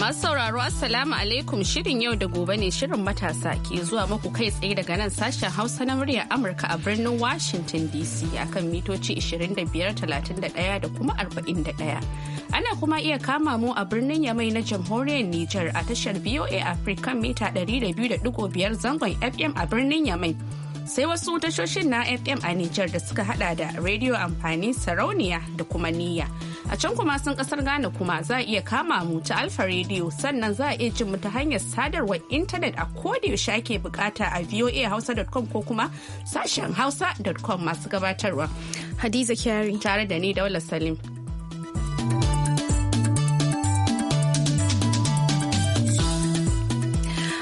Masu sauraro Assalamu alaikum shirin yau da gobe ne shirin matasa ke zuwa maku kai tsaye daga nan sashen Hausa na muryar Amurka a birnin Washington DC akan mitoci 25,31 da kuma 41. Ana kuma iya kama mu a birnin Yamai na jamhuriyar Nijar a tashar BOA African mita 200.5 zangon FM a birnin Yamai. Sai wasu tashoshin na FM a Nijar da suka hada da rediyo amfani sarauniya da kuma niyya. A can kuma sun kasar Ghana kuma za a iya kama mu ta Alfa Radio sannan za a iya jin mu ta hanyar sadarwar intanet a yaushe ake bukata a voahausa.com ko kuma sashen hausa.com masu gabatarwa. Hadiza Kyari. Tare da ni Daula Salim.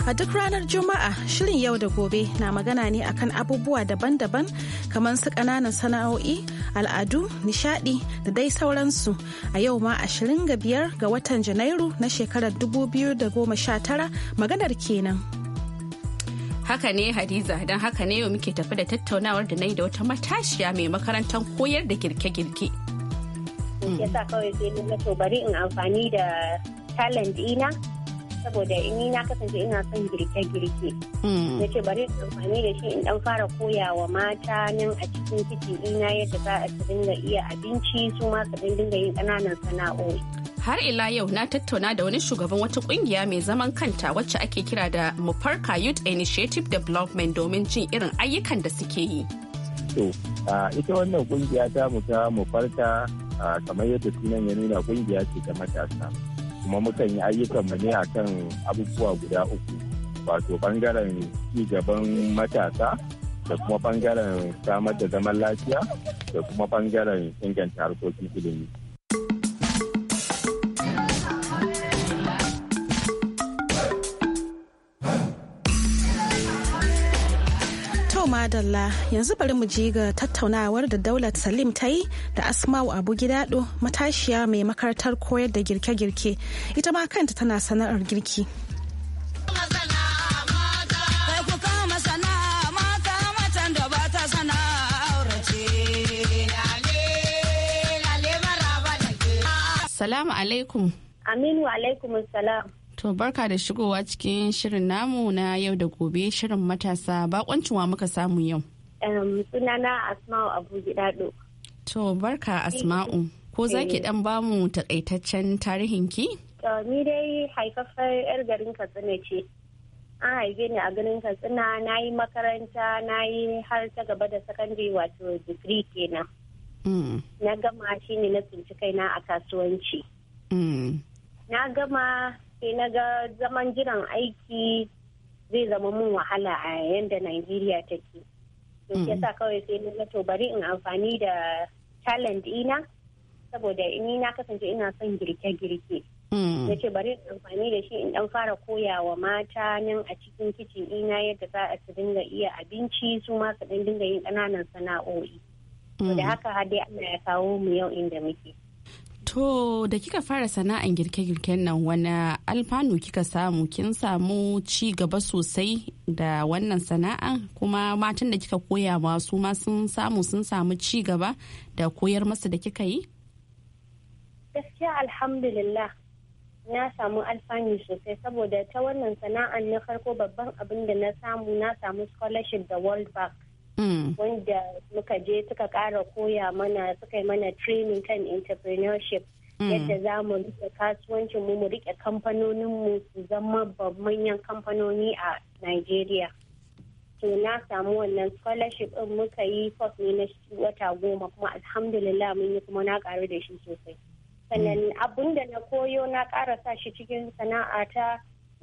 A duk ranar Juma'a shirin yau da gobe na magana ne akan abubuwa daban-daban kamar su ƙananan sana'o'i al'adu nishadi da dai sauransu a yau ma 25 ga watan janairu na shekarar 2019 maganar kenan. haka ne hadiza don haka ne yau muke tafi da tattaunawar da na yi da wata matashiya mai makarantar koyar da girke-girke. yasa kawai sai na bari in amfani da talent ina saboda ni na kasance ina son girke-girke. Hmm. Na ce bari in amfani da shi in dan fara koya wa mata nan a cikin kicin ina yadda za a dinga iya abinci su ma su dinga yin ƙananan sana'o'i. Har ila yau na tattauna da wani shugaban wata kungiya mai zaman kanta wacce ake kira da Mufarka Youth Initiative Development domin jin irin ayyukan da suke yi. To, ita wannan kungiya ta mu ta Mufarka kamar yadda sunan ya nuna kungiya ce ta matasa. kuma mukan yi ayyukan mu ne akan abubuwa guda uku wato bangaren ci gaban matasa da kuma bangaren samar da zaman lafiya da kuma bangaren inganta harkokin ilimi madalla yanzu bari mu ji ga tattaunawar da daulat salim ta yi da asma'u abu gidado matashiya mai makarantar koyar da girke-girke ita ma kanta tana sana'ar girki Salamu alaikum. Aminu alaikum salam. To barka da shigowa cikin shirin namu na yau da gobe shirin matasa bakoncinwa muka samu yau. sunana Asma'u Abu Gidado. To barka Asma'u. Ko za ki dan eh. bamu takaitaccen tarihin ki? To ni dai haifafar 'yar garin Katsina ce. An haife ni a garin Katsina na yi makaranta na yi har ta gaba da sakandare wato digiri kenan. Mm. Na gama shi ne na tsinci kaina a kasuwanci. Mm. Na gama sai na ga zaman jiran aiki zai zama mun wahala a yadda Najeriya take. ya sa kawai sai na to bari in amfani da talent ina saboda ni na kasance ina son girke-girke. Ya hmm. ce bari in amfani da shi in dan fara koya wa mata nan a cikin kicin ina yadda za a su dinga iya abinci su ma su dinga yin ƙananan sana'o'i. Da hmm. haka har dai ana ya kawo mu yau inda muke. To da kika fara sana'an girke-girken nan wani alfanu kika samu kin samu ci gaba sosai da wannan sana'an kuma matan da kika koya ma su sun samu sun samu ci gaba da koyar masu da kika yi? Gaskiya alhamdulillah na samu alfanu sosai saboda ta wannan sana'an na farko babban abin da na samu na samu scholarship da World Bank. wanda muka je suka ƙara koya mana suka yi mana training kan entrepreneurship mm. yadda za mu rike kasuwancin mu mu rike kamfanonin mu su zama manyan kamfanoni a Nigeria. to na samu wannan scholarship din muka yi first ne na wata goma kuma alhamdulillah mun yi kuma na karu da shi sosai sannan mm. abun da na koyo na ƙara sa shi cikin sana'a ta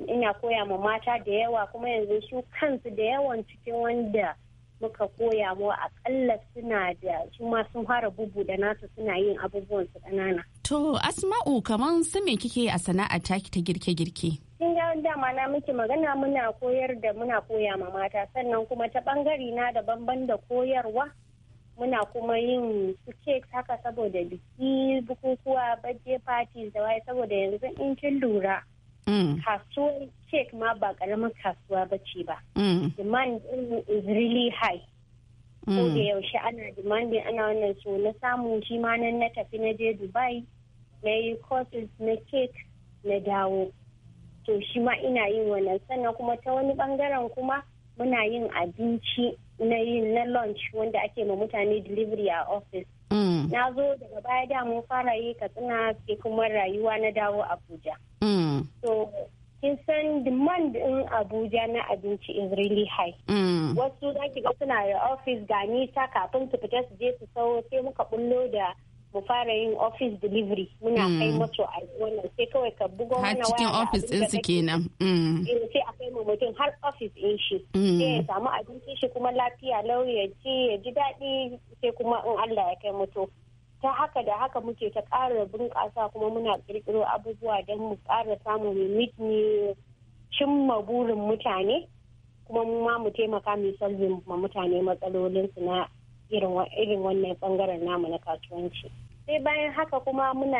ina koya ma mata da yawa kuma yanzu su kansu da yawan cikin wanda muka koya mu akalla suna da su ma sun fara bubu da nasu suna yin abubuwan su ƙanana. To Asma'u kaman su me kike a sana'a taki ta girke-girke? Kin ga dama na miki magana muna koyar da muna koya ma mata sannan kuma ta bangare na daban-ban da koyarwa muna kuma yin su haka saboda biki bukukuwa birthday parties da waye saboda yanzu in kin lura. Mm. kasuwar cake ma ba karamin kasuwa ba ce ba mm. demand is really high ko mm. da yaushe ana demanding ana wannan so na samu shi ma nan na tafi na je dubai na yi courses na cake na dawo to shi ma ina yin wannan sannan kuma ta wani bangaren kuma muna yin abinci na yin na lunch wanda ake ma mutane delivery a office Mm. na zo daga baya da mun fara yi katsina sai kuma rayuwa na dawo abuja mm. so kin san demand din abuja na abinci is really high mm. wasu za ga suna da ofis ga nisa kafin su fita su je su sau sai muka bullo da mu fara yin office delivery muna mm. kai masu a wannan sai kawai ka bugo wani waya cikin office din su kenan mm. eh, sai a kai mutum har office din shi mm. sai ya samu abinci shi kuma lafiya lauyaci ya ji daɗi sai kuma in Allah ya kai mutu ta haka da haka muke ta ƙara bunƙasa kuma muna ƙirƙiro abubuwa don mu ƙara samun remit ne cimma burin mutane kuma mu ma mu taimaka mu solving ma mutane matsalolinsu na irin wannan bangaren namu na kasuwanci. sai bayan haka kuma muna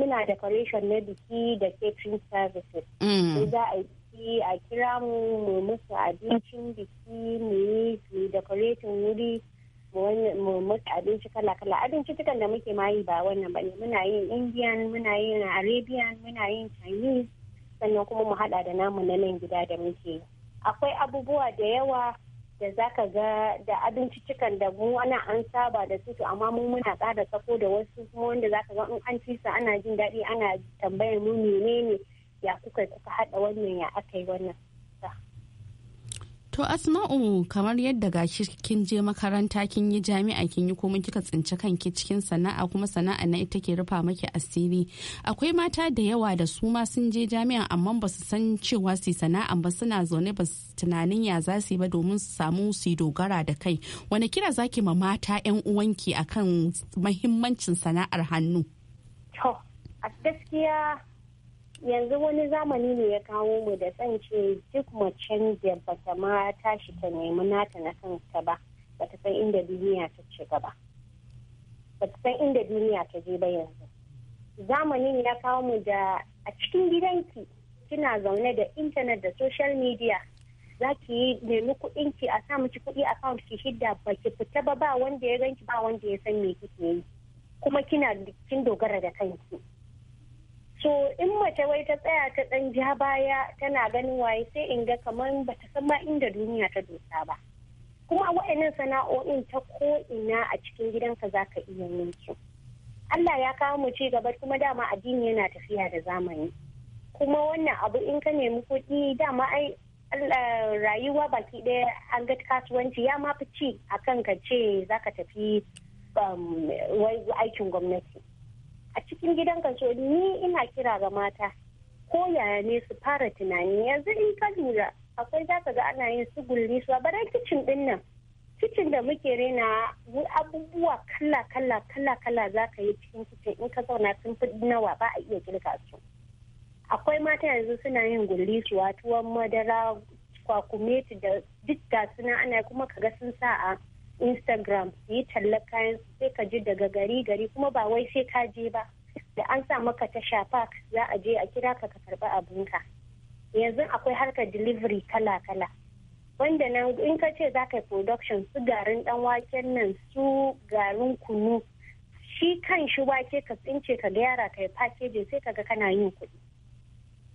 muna decoration na biki da catering services mm. sai za a yi a kira mu mu musu abincin biki mu yi mu decorating wuri mu musu abinci kala kala abinci tukan da muke ma ba wannan ba ne muna yin indian muna yin arabian muna yin chinese sannan kuma mu hada da namu na nan gida da muke akwai abubuwa da yawa da zaka ga da abinciccikan da mu ana an saba da su to amma mu muna kada sako da wasu kuma wanda zaka ga in an ci ana jin daɗi ana tambayar mu menene ya kuka kuka haɗa wannan ya aka yi wannan To Asma'u kamar yadda gashi kin je makaranta kin yi jami'a kin yi komai kika tsinci kanki cikin sana'a kuma sana'a na ita ke rufa maki asiri. Akwai mata da yawa da su ma sun je jami'a amma ba su san cewa su sana'a ba suna zaune ba tunanin ya za su yi ba domin su samu su dogara da kai. Wani kira zaki ma mata 'yan uwanki akan muhimmancin sana'ar hannu? To, a gaskiya yanzu wani zamani ne ya kawo mu da san ce duk macen da bata ma tashi ta nemi nata na kanta ba bata san inda duniya ta ci gaba bata san inda duniya ta je ba yanzu zamani ne ya kawo mu da a cikin gidanki kina zaune da intanet da social media za ki yi nemi kuɗin ki a sa miki kuɗi kawo ki shidda ba ki fita ba ba wanda ya ganki ba wanda ya san me kike yi kuma kina cikin dogara da kanki So in mace wai ta tsaya ta ɗan ja baya tana ganin waye sai in ga kamar ba ta san ma inda duniya ta dosa ba kuma wa'annan sana'o'in ta ko ina a cikin gidanka za ka iya yin Allah ya kawo mu ci gaba kuma dama addini yana tafiya da zamani kuma wannan abu in ka nemi kuɗi dama ai rayuwa baki ɗaya an ga kasuwanci ya ma fi ci akan ka ce za ka tafi um, aikin gwamnati a cikin gidan kaso ni ina kira ga mata ko yaya ne su fara tunani yanzu in ka lura akwai za ka ga ana yin su gulli su bara kicin din nan kicin da muke rena abubuwa kala kala kala kala za ka yi cikin kicin in ka zauna sun fi nawa ba a iya girka su akwai mata yanzu suna yin gulli su tuwon madara kwakumeti da duk ga suna ana kuma ka ga sun sa'a. a instagram su yi talla kayan sai ka ji daga gari gari kuma ba wai sai ka je ba da an sa maka ta shafa za a je a kira ka ka karba abinka yanzu akwai harkar delivery kala kala wanda nan in ka ce za ka yi production su garin dan waken nan su garin kunu shi kan shi wake ka tsince ka ga yara ka yi sai ka ga kana yin kuɗi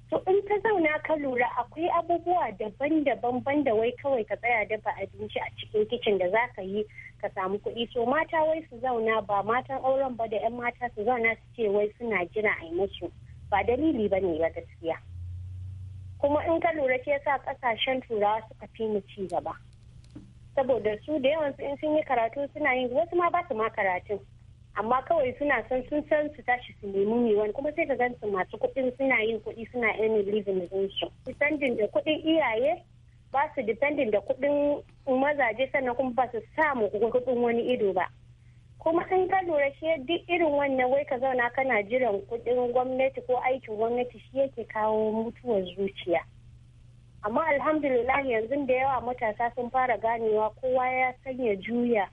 to in ta zauna ka lura akwai abubuwa daban-daban banda wai kawai ka tsaya dafa abinci a cikin kicin da za ka yi ka samu kuɗi so mata wai su zauna ba matan auren ba da 'yan mata su zauna su ce wai suna jira a yi ba dalili ba ne ba gaskiya kuma in ka lura ke sa kasashen turawa suka fi mu ci gaba saboda su da yawan in sun yi karatu suna yin wasu ma ba su ma karatu. amma kawai suna son sun san su tashi su nemi ne wani kuma sai ka gan su masu kuɗin suna yin kuɗi suna earning living su depending da kuɗin iyaye ba su depending da kuɗin mazaje sannan kuma ba su samu kuɗin wani ido ba kuma in ka lura shi duk irin wannan wai ka zauna kana jiran kuɗin gwamnati ko aikin gwamnati shi yake kawo mutuwar zuciya amma alhamdulillah yanzu da yawa matasa sun fara ganewa kowa ya sanya juya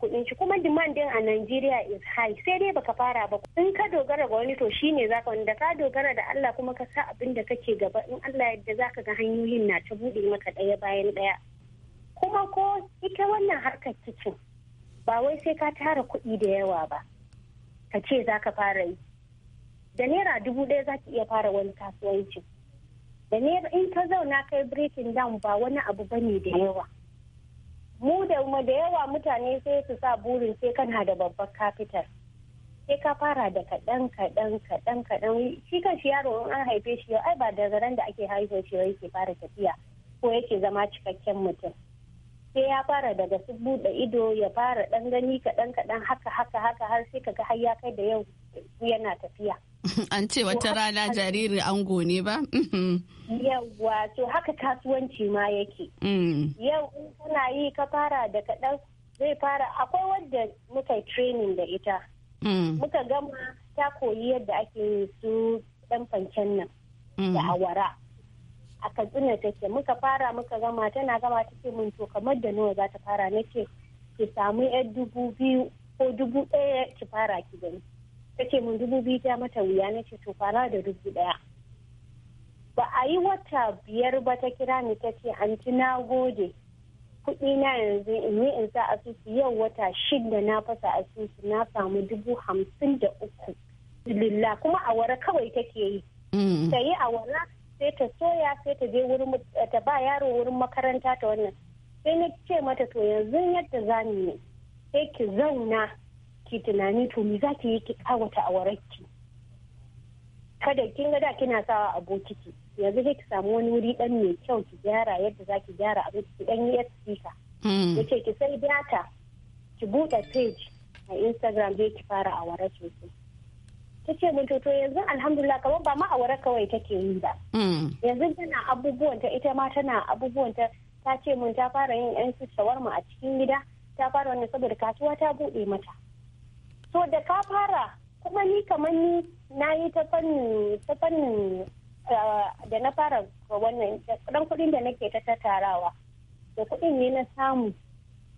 kuɗin shi kuma demand din a Najeriya is high sai dai baka fara ba in ka dogara ga wani to shine zaka wanda ka dogara da Allah kuma ka sa abin da kake gaba in Allah yadda zaka ga hanyoyin na ta buɗe maka ɗaya bayan ɗaya kuma ko ita wannan harkar kicin ba wai sai ka tara kuɗi da yawa ba ka ce za fara yi da naira dubu ɗaya za iya fara wani kasuwanci da naira in ka zauna kai breaking down ba wani abu ba da yawa mu da da yawa mutane sai su sa burin sai kana da babbar kafitar sai ka fara da kaɗan kaɗan kaɗan kaɗan shi kan shi yaro in an haife shi ai ba da zaran da ake haife shi yake fara tafiya ko yake zama cikakken mutum sai ya fara daga su buɗe ido ya fara ɗan gani kaɗan kaɗan haka haka haka har sai ka ga har ya kai da yau yana tafiya an ce wata rana jariri ango ne ba mm-hmm. yawwa to haka kasuwanci ma yake mm. yau in kana yi ka fara da kaɗan zai fara akwai wadda muka yi training da ita mm. muka gama ta koyi yadda ake yi su ɗan fancen nan mm. da awara a katsina take muka fara muka gama tana gama take mun to kamar da nawa za ta fara nake ki samu yar dubu biyu ko dubu ɗaya ki fara ki gani ta ce mun dubu biyu ta mata wuya na ce to fara da dubu ɗaya ba a yi wata biyar ba ta kira ni ta ce an ci na gode kuɗi na yanzu in yi in sa asusu yau wata shida na fasa asusu na samu dubu hamsin da uku lilla kuma awara kawai take yi mm. ta yi awara sai ta soya sai ta je wurin ta ba yaro wurin makaranta ta wannan sai na ce mata to yanzu yadda za mu ne sai ki zauna ki tunani to me za ki yi ki kawata wararki kada kin ga da kina sawa a bokiti yanzu sai ki samu wani wuri dan mai kyau ki gyara yadda za ki gyara abin ki dan yi speaker hmm. yace ki sai data ki bude page a Instagram zai ki fara awara sosai ta ce mun to yanzu alhamdulillah kamar ba ma a awara kawai take yi ba hmm. yanzu tana abubuwan ta ita ma tana abubuwan ta ta ce mun ta fara yin yan shawarma a cikin gida ta fara wani saboda kasuwa ta buɗe mata so da ka fara kuma ni kamar ni na yi ta fannin ta fannin eh, da na fara wannan dan kuɗin da nake ta tattarawa da kuɗin ne na samu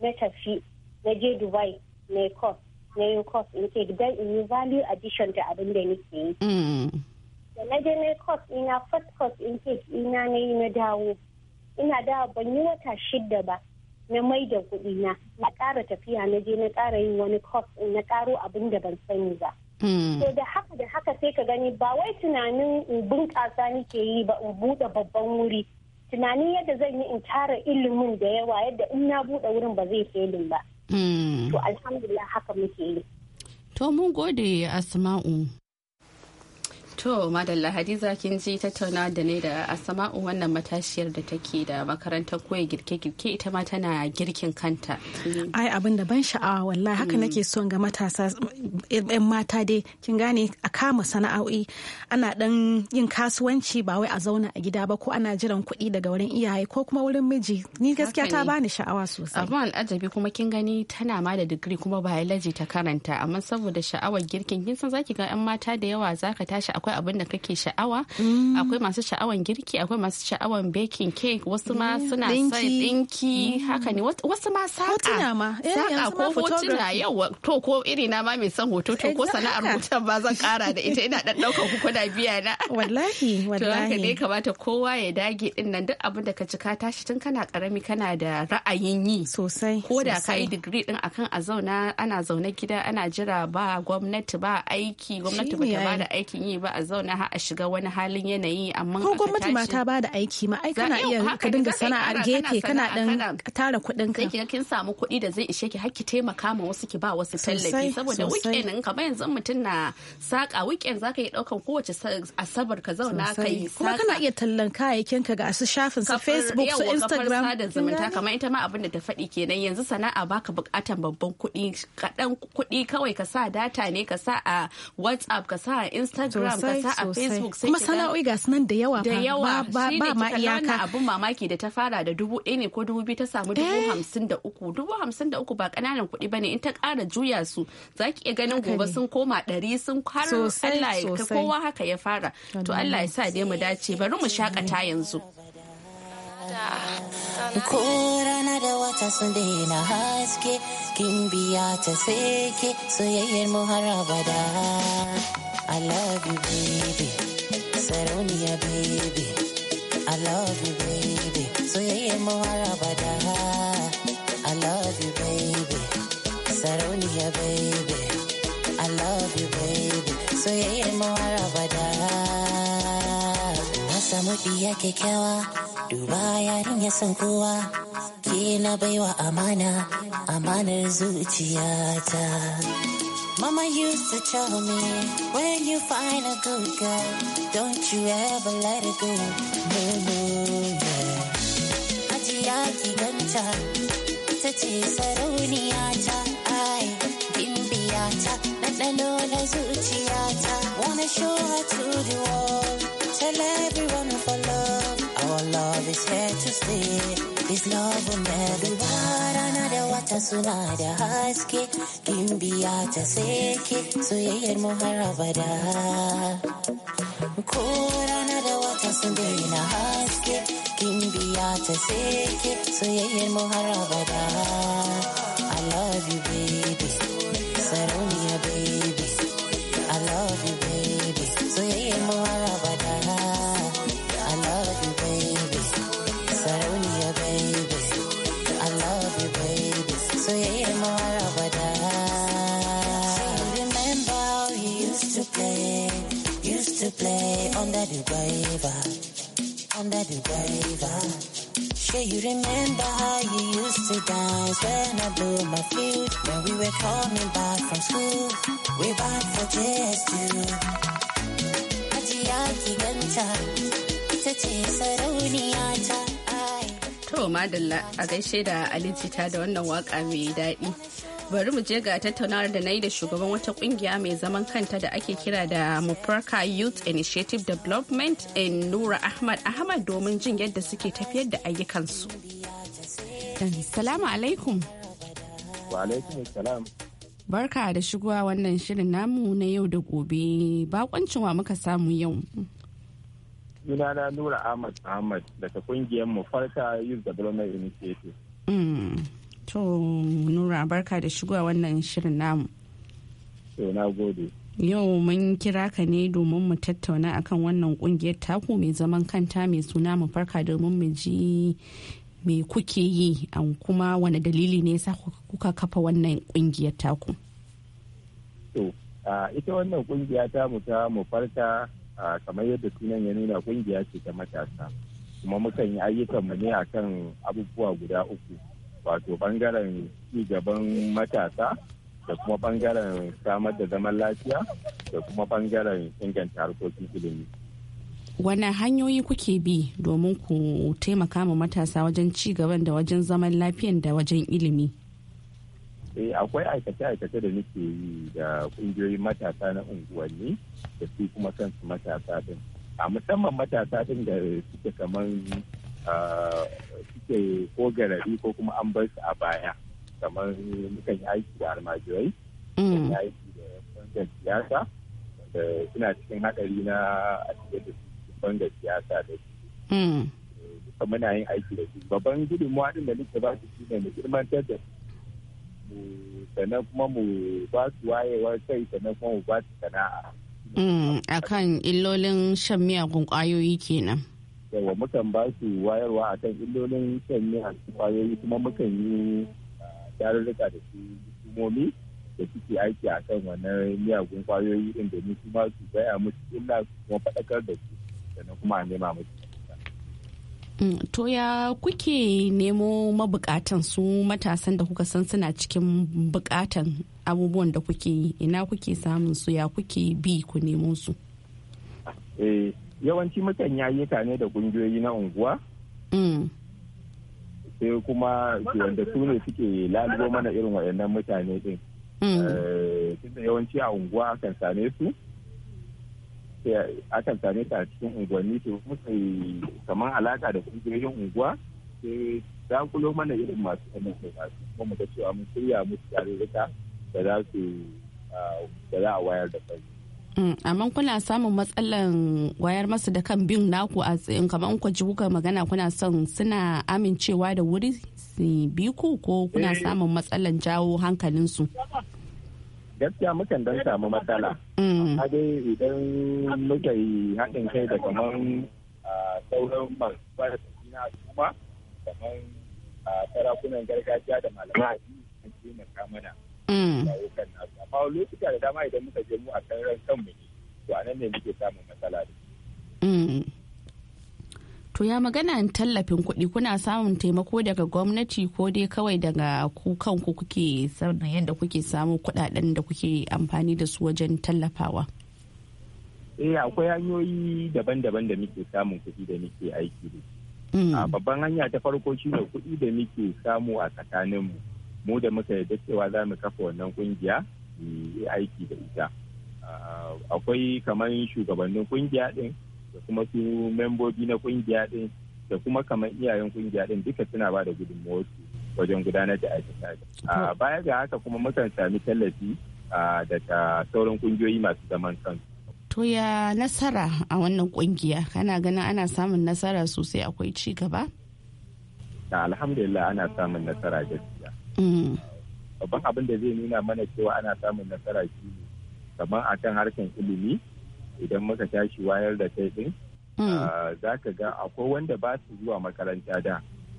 na tafi na je dubai na course na yi course in ce dan in yi value addition da abin da nake yi mm. da na je na cost ina first cost in ce ina na yi na dawo ina dawo ban yi wata shidda ba na mai da kuɗi na na ƙara tafiya na je na ƙara yin wani kof na ƙaro abin da ban sani ba to hmm. da haka da haka sai ka gani ba wai tunanin in bunƙasa nike yi ba in buɗe babban wuri tunanin yadda zan yi in tara ilimin da yawa yadda in na buɗe wurin ba zai felin ba hmm. to alhamdulillah haka muke yi to mun gode asma'u To Madalla Hadiza kin ji tattauna da ne da Asama'u wannan matashiyar da take da makarantar koyi girke-girke ita ma tana girkin kanta. Ai abin da ban sha'awa wallahi haka mm. nake son ga matasa yan mata dai kin gane a kama sana'o'i ana ɗan yin kasuwanci ba wai a zauna a gida ba ko ana jiran kuɗi daga wurin iyaye ko kuma wurin miji ni gaskiya ta bani sha'awa sosai. Abin al'ajabi kuma kin gani tana ma da digiri kuma biology ta karanta amma saboda sha'awar girkin kin san zaki ga yan mata da yawa zaka tashi a akwai abin da kake sha'awa mm. akwai masu sha'awan girki akwai masu sha'awan baking cake wasu ma suna sai dinki mm. haka ne wasu ma saka eh, saka ko hotuna yau to ko iri na ma mai son hoto to ko sana'ar hoton ba zan kara da ita ina dan daukar ku kuna biya na wallahi wallahi to haka ne kamata kowa ya dage din nan duk abin da ka ci ka tashi tun kana karami kana da ra'ayin yi sosai ko da ka yi digiri din akan a zauna ana zaune gida ana jira ba gwamnati ba aiki gwamnati ba ta ba da aikin yi ba a zauna a shiga wani halin yanayi amma ko gwamnati ma ta bada aiki ma ai kana iya ka dinga sana'ar gefe kana dan tara kuɗin ka sai kin samu kuɗi da zai ishe ki har ki taimaka ma wasu ki ba wasu tallafi saboda weekend in ba yanzu mutum na saka weekend zaka yi daukan kowace asabar ka zauna kai kuma kana iya tallan kayayyakin ka ga su shafin su Facebook su Instagram da zumunta kamar ita ma abin da ta faɗi kenan yanzu sana'a baka bukatan babban kuɗi kaɗan kuɗi kawai ka sa data ne ka sa a WhatsApp ka sa a Instagram kuma sana'o'i ga sunan da yawa da yawa ba ma iyaka abun mamaki da ta fara da dubu ɗaya ne ko dubu biyu ta samu dubu eh. hamsin da uku dubu hamsin da uku ba ƙananan kuɗi bane in ta kara juya su za ki iya ganin gobe sun koma ɗari sun har Allah ya kowa haka ya fara to Allah ya sa dai mu dace bari mu shakata yanzu. Ko rana da wata sun daina haske, kin biya ta seke soyayyar mu har abada. love you, baby. Sarauniya, baby. I love you, baby. So Soyayyen mawara bada. I love you, baby. Sarauniya, baby. I love you, baby. Soyayyen mawara bada. Na samu biya kyakkyawa. Duba yarin ya san kowa. Ke na baiwa amana, amanar zuciyata. Mama used to tell me, when you find a good girl, don't you ever let it go. No, no, no. Aji aji ganta, tace sarauniyata, ai, bimbiyata, ɗanɗano na zuciyata, wanna show her to the world. Tell everyone of our love. Our love is here to stay. This love will never water, da wata suna da haske. Gimbiya ta sake soyayyar rana da wata sun daina haske. Gimbiya ta sake soyayyar mu har abada. I love you baby. flavor, on that new Sure you remember how you used to dance when I blew my fuse. When we were coming back from school, we back for just two. Aji The ganta, ta ce sarauniya ta. To madalla a gaishe da alijita da wannan waka mai daɗi. Bari mu je ga tattaunawar da na yi da shugaban wata kungiya mai zaman kanta da ake kira da Mufarka Youth Initiative Development in Nura Ahmad Ahmad domin jin yadda suke tafiyar da ayyukansu. Salamu alaikum. Wa alaikum salam. Barka da shigowa wannan shirin namu na yau da gobe. Bakoncin wa muka samu yau. sunana nura ahmad ahmad daga kungiyar mu farka youth development initiative mm. to nura barka da shigowa wannan shirin namu to na gode yau mun kira ka ne domin mu tattauna akan wannan kungiyar taku mai zaman kanta mai suna mu farka domin mu ji me kuke yi an kuma wani dalili ne sa kuka kafa wannan kungiyar taku to ita wannan kungiya ta mu ta mu farka kamar yadda sunan ya nuna kungiya ce ta matasa kuma mukan yi ayyukan mu ne akan abubuwa guda uku wato bangaren ci gaban matasa da kuma bangaren samar da zaman lafiya da kuma bangaren inganta harkokin ilimi. Wane hanyoyi kuke bi domin ku taimaka ma matasa wajen ci gaban da wajen zaman lafiyan da wajen ilimi? eh akwai aikace-aikace da nake yi da kungiyoyin matasa na unguwanni da su kuma kansu matasa din a musamman matasa din da suke kamar suke ko garari ko kuma an bar su a baya kamar mukan yi aiki da almajirai da mm. aiki da bangar siyasa da suna cikin haɗari na a cikin da bangar siyasa da su mm. eh, muna yin aiki da su babban gudunmuwa din da nake ba su shi ne girmantar da su mu sannan kuma mu ba su wayewar kai sannan kuma mu ba su sana'a. Mm, a kan illolin shan miyagun kwayoyi kenan. yawa mukan ba su wayarwa a kan illolin shan miyagun kwayoyi kuma mukan yi ah, tarurruka da su hukumomi da suke aiki a kan wannan miyagun kwayoyi din ni kuma su gaya musu illa kuma faɗakar da su sannan kuma a nema musu Mm, to ya kuke nemo mabukatan su matasan da kuka san suna cikin bukatan abubuwan da kuke ina kuke samun su ya kuke bi ku nemo su? Eh, yawanci yawanci ya yayyuka ne da kungiyoyi na unguwa. Mm. Sai kuma wanda su ne suke lalubo mana irin waɗannan mutane din. Mm. Eh, tunda yawanci a unguwa kan same su. akan same ta a cikin unguwanni to muka yi kamar alaka da kungiyoyin unguwa sai kulo mana irin masu kanin da su kuma mu muka cewa mun shirya musu tarurruka da za su da za a wayar da kai. Mm, amma kuna samun matsalan wayar masu da kan bin naku a tsayin kamar ku ji kuka magana kuna son suna amincewa da wuri su bi ko kuna eh. samun matsalan jawo hankalin su gaskiya mukan dan samu matsala mm. amma dai idan muka yi haɗin kai da kamar ah, sauran masu ba da a kamar ah, sarakunan gargajiya da malamai an taimaka mana rayukan mm. nasu amma lokuta da dama idan muka je mu a kan ran kanmu ne to nan ne muke samun matsala da mm. to ya magana tallafin kuɗi kuna samun taimako daga gwamnati ko dai kawai daga ku kanku kuke sanin yadda kuke samun kuɗaɗen da kuke amfani da su wajen tallafawa eh akwai hanyoyi daban-daban da muke samun kuɗi da muke aiki da mm. a ah, babban hanya ta farko shine kuɗi da muke samu a tsakanin mu mu da muka yarda cewa za mu kafa wannan kungiya aiki da ita ah, akwai kamar shugabannin kungiya din da kuma su membobi na kungiya din da kuma kamar iyayen kungiya din duka suna ba da gudunmawar su wajen gudanar da aikin a baya ga haka kuma mukan sami tallafi daga sauran kungiyoyi masu zaman kansu to ya nasara a wannan kungiya kana ganin ana samun nasara sosai akwai ci gaba alhamdulillah ana samun nasara gaskiya mm. babban abin da zai nuna mana cewa ana samun nasara shi kamar akan harkar ilimi idan muka tashi wayar da kai din mm. ah, za ka ga akwai wanda ba su zuwa makaranta da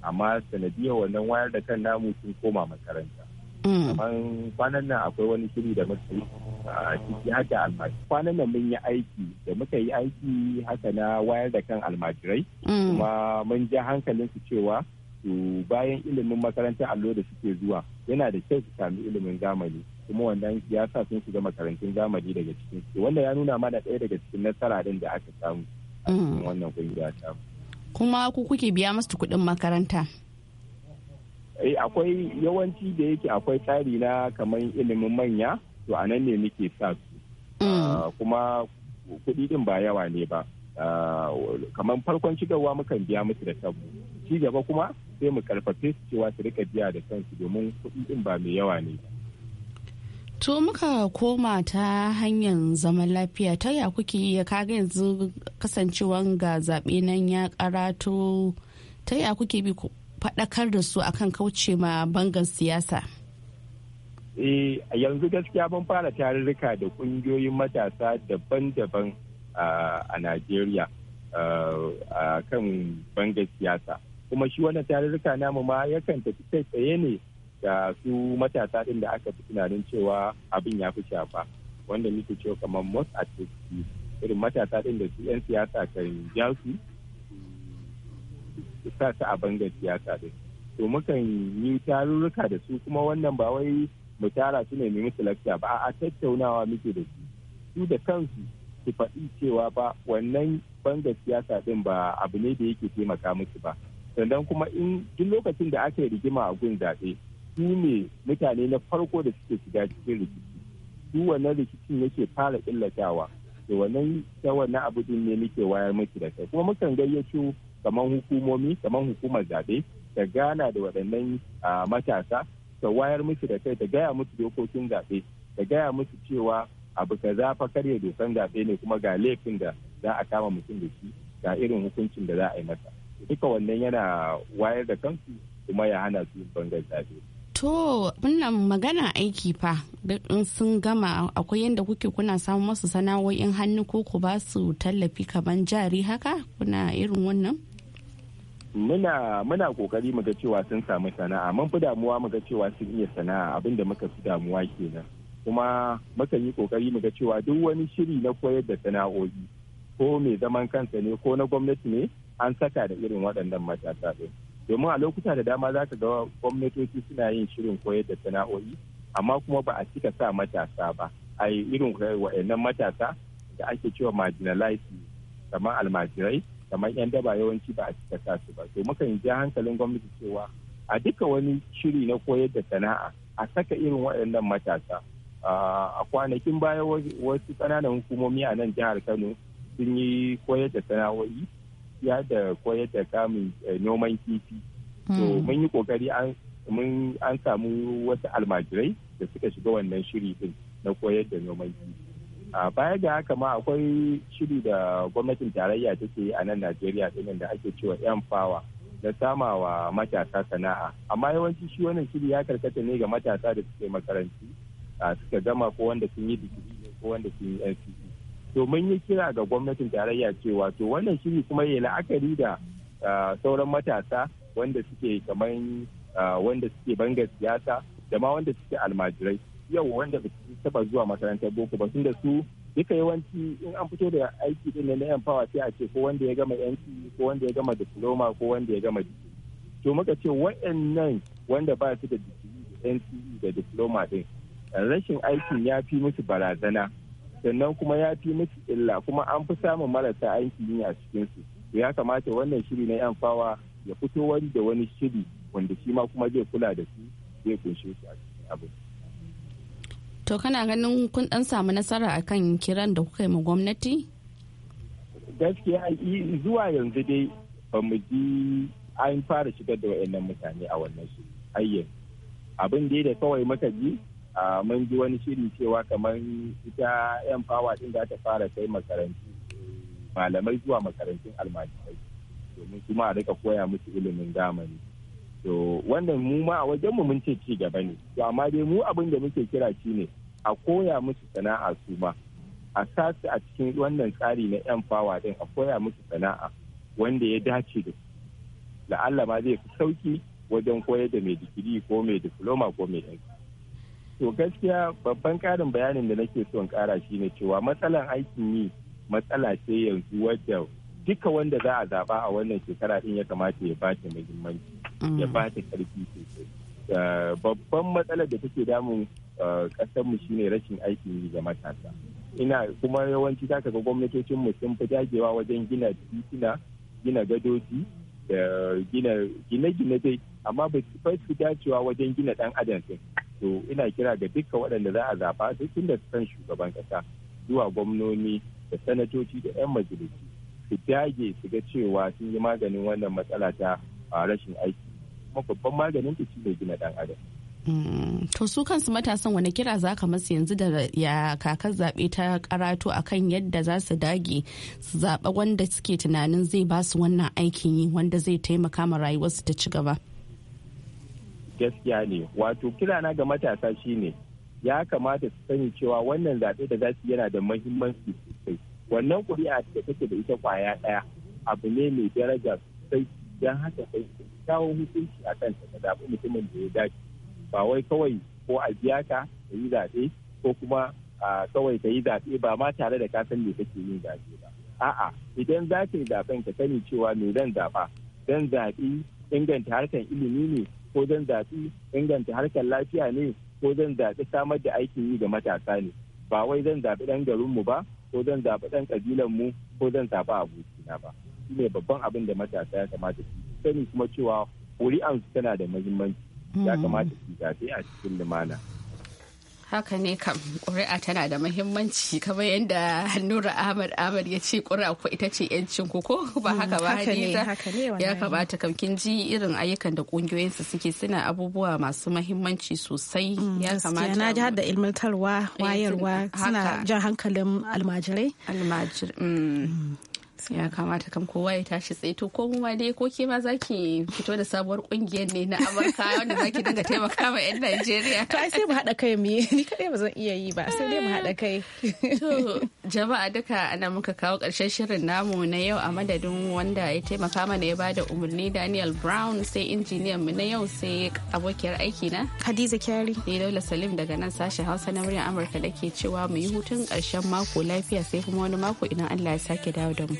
amma sanadiyar wannan wayar da kan namu sun koma makaranta mm. kamar kwanan nan akwai wani shiri da muka yi a ah, ciki haka almajirai kwanan nan mun yi aiki da muka yi aiki haka na wayar da kan almajirai mm. kuma mun ja hankalin su cewa to bayan ilimin makarantar allo da suke zuwa yana da kyau su sami ilimin zamani kuma wannan ya sa sun shiga makarantun zamani daga cikin su wanda ya nuna mana ɗaya daga cikin nasara din da aka samu mm. wannan kungiya ta kuma ku kuke biya musu kuɗin makaranta eh akwai yawanci da yake akwai tsari na kamar ilimin manya to a nan ne muke sa su mm. ah, kuma kuɗi din ba yawa ne ba ah, kamar farkon shigarwa mukan biya musu da tabu ci gaba kuma sai mu karfafe su cewa su rika biya da kansu domin kuɗi din ba mai yawa ne to muka koma ta hanyar zaman lafiya ta ya kuke ya kaga yanzu kasancewan ga zaɓe nan ya karato ta ya kuke bi ku faɗakar da su akan kauce ma bangar siyasa eh yanzu gaskiya ban fara tarurruka da ƙungiyoyin matasa daban-daban ah, a Najeriya ah, kan bangar siyasa kuma shi wannan tarurruka namu ma yakan tafi kai tsaye ne da su matasa din da aka fi tunanin cewa abin ya fi shafa wanda muke cewa kamar most at irin matasa din da su 'yan siyasa kan ja su sa su a bangar siyasa din to mukan yi tarurruka da su kuma wannan ba wai mu tara su ne mu lakta ba a tattaunawa muke da su su da kansu su faɗi cewa ba wannan bangar siyasa din ba abu ne da yake taimaka musu ba sannan kuma in duk lokacin da aka yi rigima a gun zaɓe su ne mutane na farko da suke shiga cikin rikici su wannan rikicin yake fara illatawa da wannan ta wannan abu din ne muke wayar miki da kai kuma mukan gayyato kamar hukumomi kamar hukumar zaɓe ta gana da waɗannan matasa ta wayar musu da kai ta gaya musu dokokin zaɓe ta gaya musu cewa abu ka fa karya dokan zaɓe ne kuma ga laifin da za a kama mutum da shi ga irin hukuncin da za a yi masa duka wannan yana wayar da kansu kuma ya hana su bangar zaɓe. To, wannan magana aiki fa in sun gama akwai yadda kuke kuna samun masu sana'o'in hannu ko ku ba su tallafi kaman jari haka kuna irin wannan? Muna muna kokari ga cewa sun samu sana'a mun fi damuwa ga cewa sun iya sana'a abin da muka fi damuwa kenan kuma muka yi kokari ga cewa duk wani shiri na koyar da sana'o'i ko mai zaman kansa ne ko na gwamnati ne an saka da irin waɗannan matasa ɗin domin a lokuta da dama za ka ga gwamnatoci suna yin shirin koyar da sana'o'i amma kuma ba a cika sa matasa ba a yi irin waɗannan matasa da ake cewa marginalized kamar almajirai kamar yan daba yawanci ba a cika sa su ba to mukan ja hankalin gwamnati cewa a duka wani shiri na koyar da sana'a a saka irin waɗannan matasa a kwanakin baya wasu ƙananan hukumomi a nan jihar kano sun yi koyar da sana'o'i gaskiya da koyar da kamun eh, noman kifi to hmm. mun yi kokari an samu wasu almajirai da suka shiga wannan shiri din na koyar da noman kifi a baya da haka ma akwai shiri da gwamnatin tarayya take yi a nan najeriya ɗin da ake cewa yan fawa na sama wa matasa sana'a amma yawanci shi wannan shiri ya karkata ne ga matasa da suke makarantu suka gama ko wanda sun yi digiri ko wanda sun yi domin yi kira ga gwamnatin tarayya cewa to wannan shiri kuma ya la'akari da sauran matasa wanda suke kamar wanda suke bangar siyasa da ma wanda suke almajirai yau wanda ba su taba zuwa makarantar boko ba tunda su duka yawanci in an fito da aiki din na yan fawa sai a ce ko wanda ya gama yanci e, ko wanda ya gama diploma ko wanda ya gama jiki to muka ce waɗannan wanda ba su da jiki da yanci e da diploma din rashin aikin ya fi musu barazana sannan kuma ya fi musu illa kuma an fi samun marasa aiki yi a cikinsu ya kamata wannan shiri na yan fawa ya fito wani da wani shiri wanda shi ma kuma zai kula da su zai kunshe su a cikin abu. to kana ganin kun dan samu nasara akan kiran da kuka yi ma gwamnati gaskiya zuwa yanzu dai ba mu ji an fara shigar da wayannan mutane a wannan shiri ayyan abin da kawai muka ji mun ji wani shiri cewa kamar ita yan fawa din za ta fara kai makarantu malamai zuwa makarantun almajirai domin kuma a rika koya musu ilimin zamani to wannan mu ma a wajen mu mun ce ci gaba ne to amma dai mu abin da muke kira ne a koya musu sana'a su ma a sasu a cikin wannan tsari na yan fawa din a koya musu sana'a wanda ya dace da su la'alla ma zai fi sauki wajen koyar da mai digiri ko mai diploma ko mai yanki to gaskiya babban karin bayanin da nake son kara shine cewa matsalan aikin yi matsala ce yanzu wadda duka wanda za a zaba a wannan shekara din ya kamata ya bata muhimmanci mm. ya bata karfi sosai eh, babban matsalar da take damun kasar eh, mu shine rashin aikin yi ga matasa ina kuma yawanci zaka ga gwamnatocin mu sun fi dagewa wajen gina titina gina gadoji da gina gine-gine dai amma ba su dacewa wajen gina dan adam to ina kira ga dukkan waɗanda za a zaɓa duk inda san shugaban ƙasa zuwa gwamnoni da sanatoci da 'yan majalisi su dage su ga cewa sun yi maganin wannan matsala ta rashin aiki kuma babban maganin ta ne gina ɗan adam. Hmm, to su kansu matasan wani kira za ka masu yanzu da ya kakar zaɓe ta karatu akan yadda za su dage su zaɓa wanda suke tunanin zai ba su wannan aikin yi wanda zai taimaka ma rayuwarsu ta ci gaba. gaskiya ne wato kirana ga matasa shine ya kamata su sani cewa wannan zaɓe da za yana da mahimmanci sosai wannan kuri'a da take da ita kwaya ɗaya abu ne mai daraja sosai don haka sai kawo hukunci a kan ta zaɓi mutumin da ya dace ba wai kawai ko a biya ka ka yi zaɓe ko kuma kawai ka yi zaɓe ba ma tare da ka san me kake yin zaɓe ba a'a idan za ka yi zaɓen ka sani cewa me zan zaɓa zan zaɓi inganta harkar ilimi ne ko zan zaɓi inganta harkar lafiya ne ko zan zaɓi samar da aikin yi ga matasa ne ba wai zan zaɓi ɗan garinmu ba ko zan zaɓi ɗan ƙabilanmu ko zan zaɓi abokina ba shi ne babban abin da matasa ya kamata su sani kuma cewa ƙuri'ansu tana da muhimmanci ya hmm. kamata su zaɓi a cikin lumana. haka ne kam ƙuri'a tana da muhimmanci kamar yadda nura ahmad ahmad ya ce ƙuri'a ko ita ce yancin ku ko ba mm, haka ba hadiza ya kamata kam kin ji irin ayyukan da ƙungiyoyinsu suke suna abubuwa masu muhimmanci sosai mm, ya kamata na ji da ilmantarwa eh, wayarwa suna jan hankalin almajirai mm. ya kamata kam kowa ya tashi tsaye to ko ma dai ko ke ma zaki fito da sabuwar kungiyar ne na amurka wanda zaki dinga taimaka ma yan najeriya to ai sai mu haɗa kai mu ni kadai ba zan iya yi ba sai dai mu haɗa kai to jama'a duka ana muka kawo ƙarshen shirin namu na yau a madadin wanda ya taimaka mana ya bada umarni daniel brown sai injiniyan mu na yau sai abokiyar aiki na hadiza kyari ni daula salim daga nan sashen hausa na muryar amurka da ke cewa mu yi hutun ƙarshen mako lafiya sai kuma wani mako idan allah ya sake dawo da mu